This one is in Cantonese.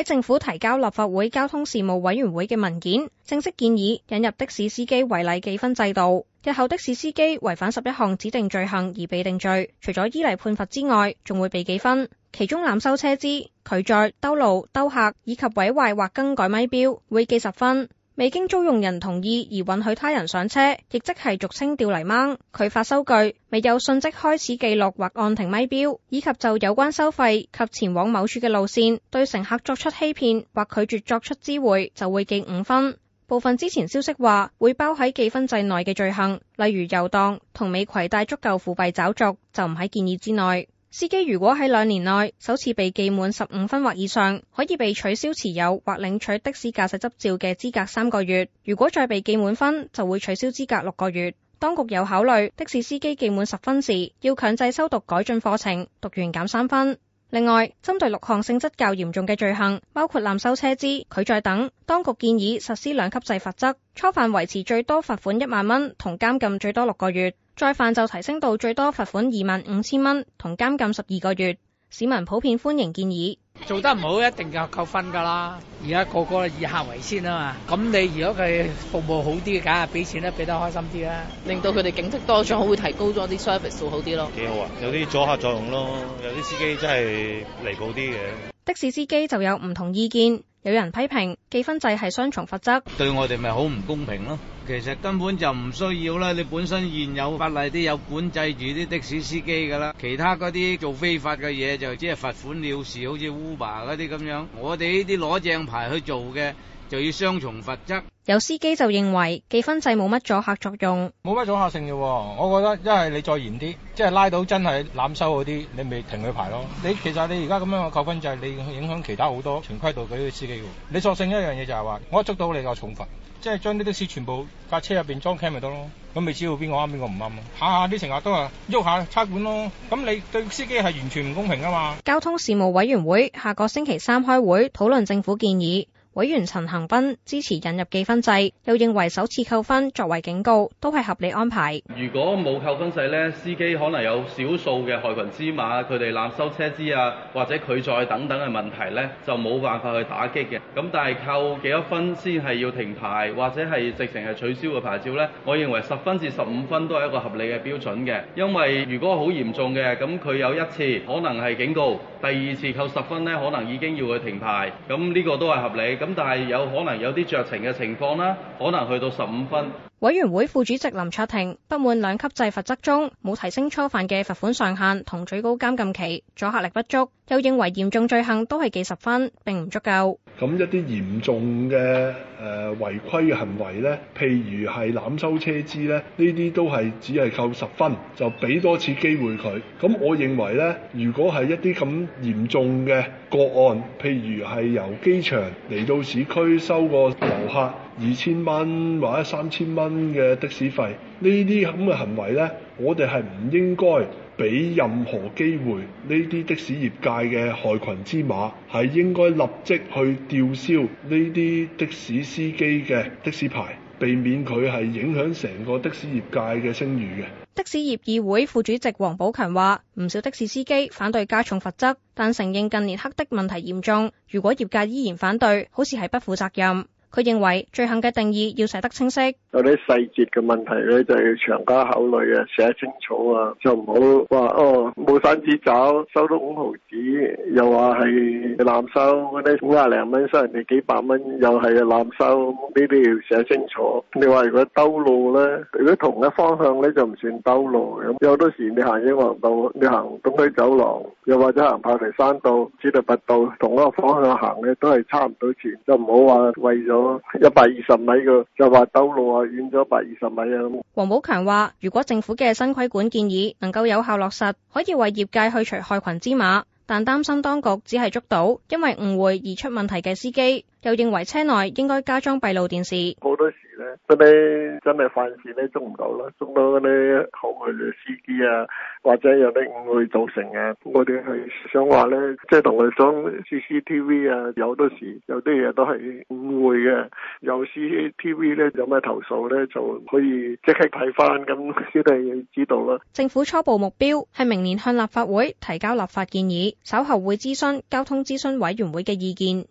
喺政府提交立法會交通事務委員會嘅文件，正式建議引入的士司機違例記分制度。日後的士司機違反十一項指定罪行而被定罪，除咗依例判罰之外，仲會被記分。其中濫收車資、拒載、兜路、兜客以及毀壞或更改咪錶，會記十分。未經租用人同意而允許他人上車，亦即係俗稱釣泥鯭。拒發收據、未有訊息開始記錄或按停咪表，以及就有關收費及前往某，某處嘅路線對乘客作出欺騙或拒絕作出知會，就會記五分。部分之前消息話會包喺記分制內嘅罪行，例如遊蕩同未攜帶足夠輔幣找續，就唔喺建議之內。司機如果喺兩年內首次被記滿十五分或以上，可以被取消持有或領取的士駕駛執照嘅資格三個月。如果再被記滿分，就會取消資格六個月。當局有考慮，的士司機記滿十分時，要強制修讀改進課程，讀完減三分。另外，針對六項性質較嚴重嘅罪行，包括濫收車資、拒載等，當局建議實施兩級制罰則，初犯維持最多罰款一萬蚊同監禁最多六個月，再犯就提升到最多罰款二萬五千蚊同監禁十二個月。市民普遍歡迎建議，做得唔好一定要扣分噶啦。而家個個以客為先啊嘛，咁你如果佢服務好啲嘅，梗係俾錢咧，俾得開心啲啦，令到佢哋警惕多咗，會提高咗啲 service 做好啲咯。幾好啊！有啲阻嚇作用咯，有啲司機真係嚟補離譜啲嘅。的士司機就有唔同意見，有人批評記分制係雙重罰則，對我哋咪好唔公平咯。其實根本就唔需要啦，你本身現有法例都有管制住啲的，的士司機噶啦，其他嗰啲做非法嘅嘢就只係罰款了事，好似 Uber 嗰啲咁樣。我哋呢啲攞正牌去做嘅就要雙重罰則。有司機就認為記分制冇乜阻嚇作用，冇乜阻嚇性嘅喎、啊。我覺得一係你再嚴啲，即係拉到真係濫收嗰啲，你咪停佢牌咯。你其實你而家咁樣嘅扣分制，你影響其他好多循規蹈矩嗰啲司機嘅、啊。你索性一樣嘢就係話，我捉到你就重罰，即係將啲的士全部。架車入邊裝 cam 咪得咯，咁咪知道邊個啱邊個唔啱啊！下下啲乘客都話喐下差館咯，咁你對司機係完全唔公平啊嘛？交通事務委員會下個星期三開會討論政府建議。委員陳恒鑌支持引入記分制，又認為首次扣分作為警告都係合理安排。如果冇扣分制呢，司機可能有少數嘅害群之馬，佢哋濫收車資啊，或者拒載等等嘅問題呢，就冇辦法去打擊嘅。咁但係扣幾多分先係要停牌，或者係直情係取消個牌照呢？我認為十分至十五分都係一個合理嘅標準嘅，因為如果好嚴重嘅，咁佢有一次可能係警告，第二次扣十分呢，可能已經要去停牌，咁呢個都係合理。但係有可能有啲酌情嘅情況啦，可能去到十五分。委員會副主席林卓廷不滿兩級制罰則中冇提升初犯嘅罰款上限同最高監禁期，阻嚇力不足。又認為嚴重罪行都係記十分並唔足夠，咁一啲嚴重嘅誒、呃、違規嘅行為咧，譬如係濫收車資咧，呢啲都係只係扣十分，就俾多次機會佢。咁我認為呢如果係一啲咁嚴重嘅個案，譬如係由機場嚟到市區收個遊客二千蚊或者三千蚊嘅的士費，呢啲咁嘅行為咧。我哋係唔應該俾任何機會呢啲的士業界嘅害群之馬，係應該立即去吊銷呢啲的士司機嘅的，的士牌，避免佢係影響成個的士業界嘅聲譽嘅。的士業議會副主席黃寶強話，唔少的士司機反對加重罰則，但承認近年黑的問題嚴重，如果業界依然反對，好似係不負責任。佢認為罪行嘅定義要寫得清晰，有啲細節嘅問題咧就要長加考慮啊，寫清楚啊，就唔好話哦。山子爪收到五毫子，又話係濫收嗰啲，五廿零蚊收人哋幾百蚊，又係啊濫收呢啲，要寫清楚。你話如果兜路咧，如果同一方向咧就唔算兜路。咁有好多時你行英皇道，你行東區走廊，又或者行炮台山道、指道拔道，同一個方向行咧都係差唔多錢，就唔好話為咗一百二十米個就話兜路啊，遠咗一百二十米啊。黃寶強話：如果政府嘅新規管建議能夠有效落實，可以為業界去除害群之馬，但擔心當局只係捉到，因為誤會而出問題嘅司機，又認為車內應該加裝閉路電視。嗰啲真係犯事咧，捉唔到啦，捉到嗰啲後去嘅司機啊，或者有啲誤會造成啊，我哋係想話咧，即係同佢講 CCTV 啊，有好多時有啲嘢都係誤會嘅，有 CCTV 咧，有咩投訴咧，就可以即刻睇翻，咁小弟知道啦。政府初步目標係明年向立法會提交立法建議，稍後會諮詢交通諮詢委員會嘅意見。